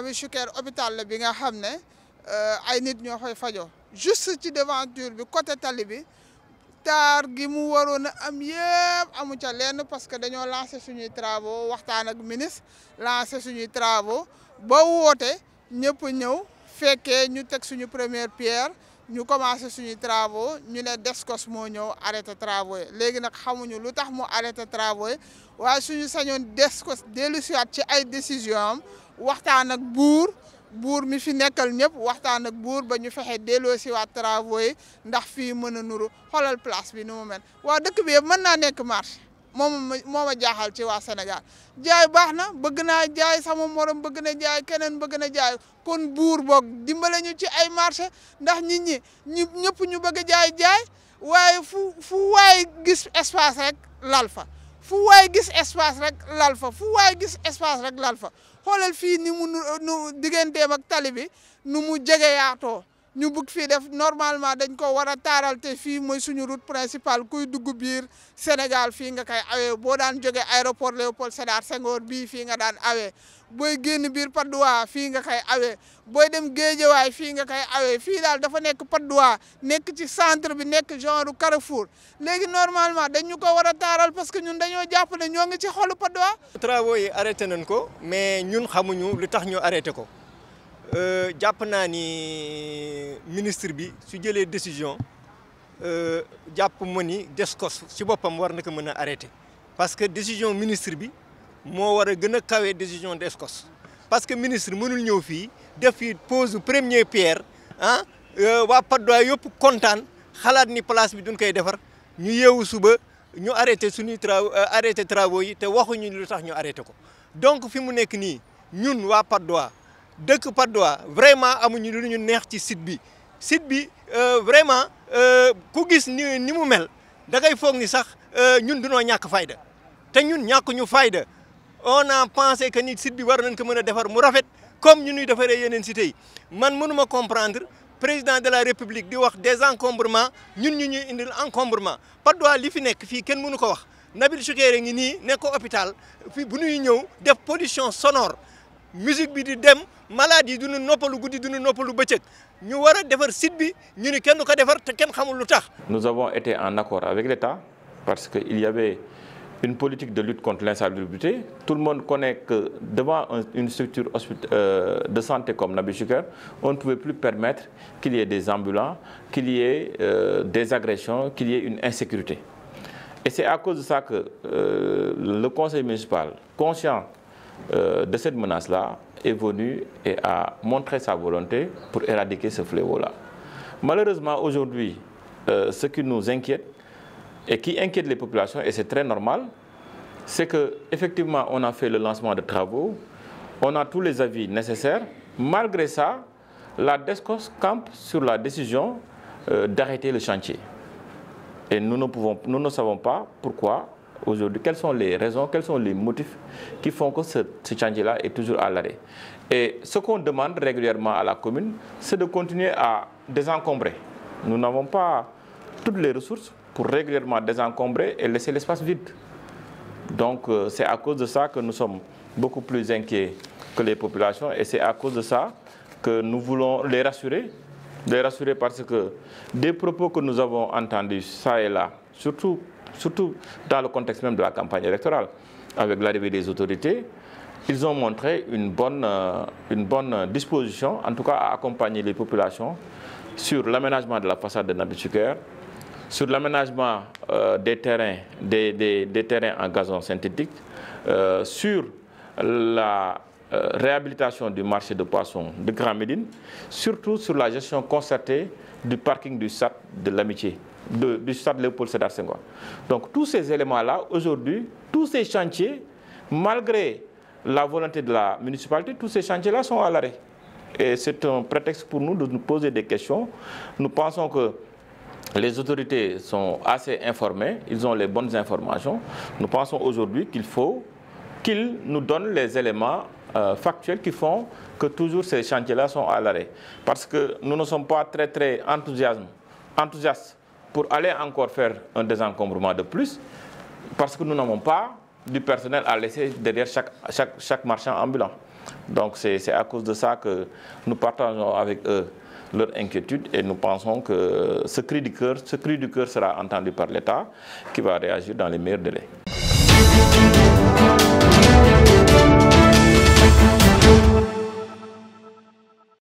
Naby Choucair hôpital la bi nga xamné ne euh, ay nit ñoo fajo juste ci devanture bi côté tali bi taar gi mu warona am yëpp amu ca lenn parce que dañoo lancé suñuy travaux waxtaan ak ministre lancé suñuy travaux ba woté ñëpp ñëw féké ñu tek suñu première pierre ñu commencé suñu travaux ñu ne DSCOS moo ñow arrêté travaux yi léegi nag xamuñu lu tax mu arrêté travaux waa suñu sañoon DSCOS dellusiwaat ci ay décision am waxtaan nag buur buur mi fi nekkal ñëpp waxtaan ak buur ba ñu fexe delloosiwaat travaux yi ndax fii mën a nuru xoolal place bi ni mu mel waa dëkk bi yëpp mën naa nekk marché moom moo ma jaaxal ci waa Sénégal jaay baax na bëgg naa jaay sama morom bëgg na jaay keneen bëgg na jaay kon buur boog dimbale ñu ci ay marché ndax nit ñi ñu ñëpp ñu bëgg a jaay jaay waaye fu fu waay gis espace rek lal fa fu waay gis espace rek lal fa fu waay gis espace rek lal fa xoolal fii ni mu nu digganteem ak tali bi nu mu jege yaatoo ñu bugg fii def normalement dañ ko war a taaral te fii mooy suñu route principal kuy dugg biir Sénégal fii nga koy awee boo daan jógee aéroport Léopold Sédar Senghor bii fii nga daan awe booy génn biir Patte d'Oie fii nga koy awee booy dem Guédiawaye fii nga kay awee fii daal dafa nekk Patte nekk ci centre bi nekk genre Carrefour léegi normalement dañ ñu ko war a taaral parce que ñun dañoo jàpp ne ñoo nga ci xolu Patte d'Oie. travaux yi arrêté nañ ko mais ñun xamuñu lu tax ñu arrêté ko. Euh, jàpp naa ni euh, ministre bi su jëlee décision euh, jàpp ma ni DSCOS si boppam war na ko mën a arrêté parce que décision ministre bi moo war a gën a kawe décision DSCOS parce que ministre mënul ñëw fii def fii pose première pierre ah waa Patte d'Oie yëpp kontaan xalaat ni place bi duñ koy defar ñu yeewu suba ñu arrêté suñuy travaux arrêté travaux yi te waxuñu lu tax ñu arrêté ko donc fi mu nekk nii ñun waa Patte deuk Patte vraiment amuñu lu ñu neex ci site bi site bi euh, vraiment euh, ku gis ni ni mu mel da ngay foog ni sax euh, ñun duno ñak fayda té ñun ñàkk ñu fayda on a pensé que ni site bi war nañ ko mëna défar mu rafet comme ñu ñuy défaré yeneen cité yi man mënuma comprendre président de la république di wax des encombrements ñun ñu ñuy indil encombrement Patte d'Oie li fi nekk fii kenn mënu ko wax Nabil Choucaire ngi ni nekk hôpital fi bu ñuy ñëw def pollution sonore musique bi di dem noppalu noppalu ñu site nous avons été en accord avec l'État parce qu'il y avait une politique de lutte contre l'insalubrité. Tout le monde connaît que devant une structure euh, de santé comme Nabichuker, on ne pouvait plus permettre qu'il y ait des ambulants, qu'il y ait euh, des agressions, qu'il y ait une insécurité. Et c'est à cause de ça que euh, le conseil municipal, conscient euh, de cette menace-là est venu et a montré sa volonté pour éradiquer ce fléau-là. Malheureusement, aujourd'hui, euh, ce qui nous inquiète et qui inquiète les populations, et c'est très normal, c'est qu'effectivement, on a fait le lancement de travaux, on a tous les avis nécessaires. Malgré ça, la DESCOS campe sur la décision euh, d'arrêter le chantier. Et nous nous ne savons pas pourquoi aujourd'hui Quelles sont les raisons, quels sont les motifs qui font que ce, changement là est toujours à l'arrêt Et ce qu'on demande régulièrement à la commune, c'est de continuer à désencombrer. Nous n'avons pas toutes les ressources pour régulièrement désencombrer et laisser l'espace vide. Donc euh, c'est à cause de ça que nous sommes beaucoup plus inquiets que les populations et c'est à cause de ça que nous voulons les rassurer. Les rassurer parce que des propos que nous avons entendus ça et là, surtout surtout dans le contexte même de la campagne électorale, avec l'arrivée des autorités, ils ont montré une bonne, euh, une bonne disposition, en tout cas à accompagner les populations sur l'aménagement de la façade de Nabichuker, sur l'aménagement euh, des, terrains, terrains en gazon synthétique, euh, sur la euh, réhabilitation du marché de poissons de Grand Médine, surtout sur la gestion concertée du parking du SAT de l'amitié, du SAT Léopold Sédar Senghor. Donc tous ces éléments-là, aujourd'hui, tous ces chantiers, malgré la volonté de la municipalité, tous ces chantiers-là sont à l'arrêt. Et c'est un prétexte pour nous de nous poser des questions. Nous pensons que les autorités sont assez informées, ils ont les bonnes informations. Nous pensons aujourd'hui qu'il faut qu'ils nous donnent les éléments euh, factuels qui font que toujours ces chantiers-là sont à l'arrêt. Parce que nous ne sommes pas très très enthousiastes pour aller encore faire un désencombrement de plus, parce que nous n'avons pas du personnel à laisser derrière chaque, marchand ambulant. Donc c'est à cause de ça que nous partageons avec eux leur inquiétude et nous pensons que ce cri du cœur, ce cri du cœur sera entendu par l'État qui va réagir dans les meilleurs délais. Thank you.